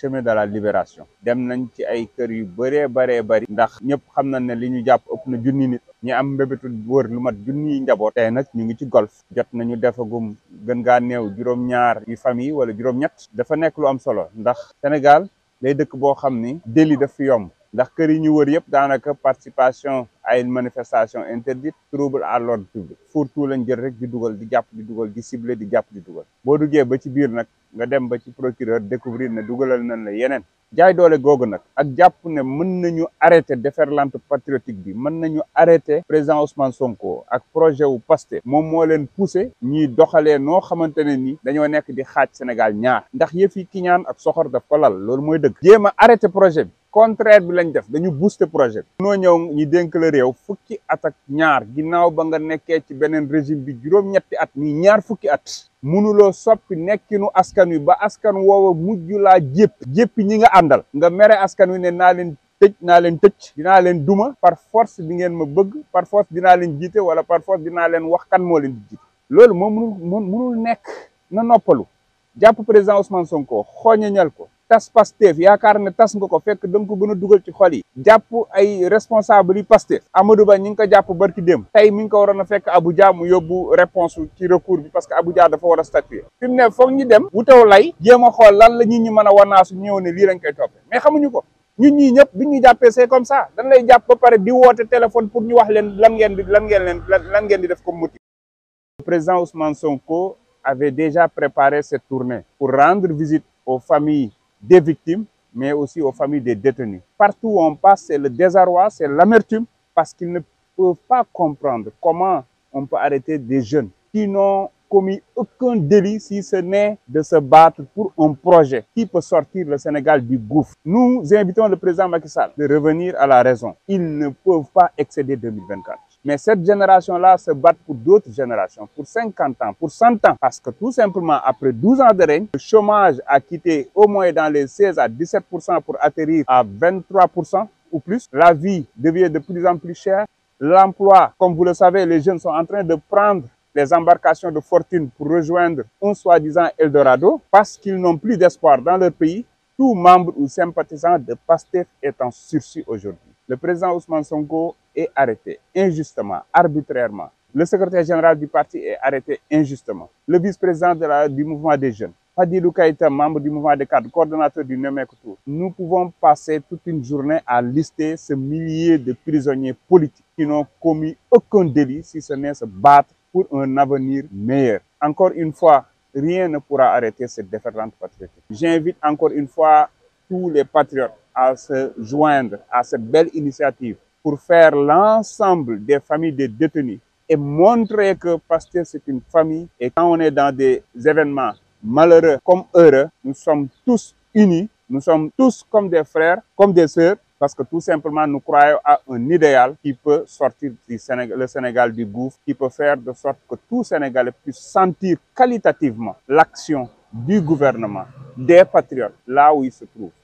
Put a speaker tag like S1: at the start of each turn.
S1: chemin de la libération dem nañ ci ay kër yu bëree baree bari ndax ñëpp xam nañ ne li ñu jàpp ëpp na junni nit ñi am mbébétu wër lu mat junniy njaboot tey nag ñu ngi ci golf jot nañu defagum gën gaa néew juróom-ñaar yu famille wala juróom-ñett dafa nekk lu am solo ndax Sénégal lay dëkk boo xam ni déli def fi yomb ndax que yi participation à une manifestation interdite trouble à l'ordre public surtout rek du di du di des di di di procureur découvrir ne dugalal nañ la ak ne mën arrêter patriotique bi mën nañu arrêter président Ousmane Sonko ak projet wu Pastef moom moo leen pousser ni dañoo nekk Sénégal ñaar ndax ak soxor ko lal arrêter projet contraire bi lañ def dañu booster projet noo ñëw ñu dénk la réew fukki at ak ñaar ginnaaw ba nga nekkee ci beneen régime bi juróom-ñetti at nii ñaar fukki at. mënuloo soppi nekkinu askan wi ba askan woowa mujj laa jépp jéppi ñi nga àndal nga mere askan wi ne naa leen tëj naa leen tëj dinaa leen duma par force bi ngeen ma bëgg par force dinaa leen jiite wala par force dinaa leen wax kan moo leen di jiite loolu moom mënul mënul nekk na noppalu jàpp président Ousmane ko tas Pastef yaakaar ne tas nga ko fekk da nga ko gën a dugal ci xol yi jàpp ay responsable yi Pastef Amadou Ba ñi jàpp barki démb tey mi waroon a fekk Abuja mu yóbbu réponse ci recours bi parce que Abuja dafa war a statuer fi ne foog ñu dem wutaw lay jéem a xool lan la ñit ñi mën a wanaasu ñëw ne lii lañ koy toppee mais xamuñu ko ñun ñii ñëpp bi ñu jàppee c'est comme ça dañ lay jàpp ba pare di woote téléphone pour ñu wax leen lan ngeen lan ngeen def des victimes, mais aussi aux familles des détenus. Partout où on passe, c'est le désarroi, c'est l'amertume, parce qu'ils ne peuvent pas comprendre comment on peut arrêter des jeunes qui n'ont commis aucun délit si ce n'est de se battre pour un projet qui peut sortir le Sénégal du gouffre. Nous invitons le président Macky Sall de revenir à la raison. Ils ne peuvent pas excéder 2024. Mais cette génération-là se bat pour d'autres générations, pour 50 ans, pour 100 ans. Parce que tout simplement, après 12 ans de règne, le chômage a quitté au moins dans les 16 à 17 pour atterrir à 23 ou plus. La vie devient de plus en plus chère. L'emploi, comme vous le savez, les jeunes sont en train de prendre les embarcations de fortune pour rejoindre un soi-disant Eldorado parce qu'ils n'ont plus d'espoir dans leur pays. Tout membre ou sympathisant de PASTEF est en sursis aujourd'hui. Le président Ousmane Sonko est arrêté injustement, arbitrairement. Le secrétaire général du parti est arrêté injustement. Le vice-président du mouvement des jeunes, Fadi Louka membre du mouvement des cadres, coordonnateur du Nemekoutou. Nous pouvons passer toute une journée à lister ce millier de prisonniers politiques qui n'ont commis aucun délit si ce n'est se battre pour un avenir meilleur. Encore une fois, rien ne pourra arrêter cette déferlante patriotique. J'invite encore une fois tous les patriotes à se joindre à cette belle initiative pour faire l'ensemble des familles des détenus et montrer que Pasteur, c'est une famille. Et quand on est dans des événements malheureux comme heureux, nous sommes tous unis, nous sommes tous comme des frères, comme des sœurs, parce que tout simplement, nous croyons à un idéal qui peut sortir le Sénégal du gouffre, qui peut faire de sorte que tout Sénégalais puisse sentir qualitativement l'action du gouvernement, des patriotes, là où ils se trouvent.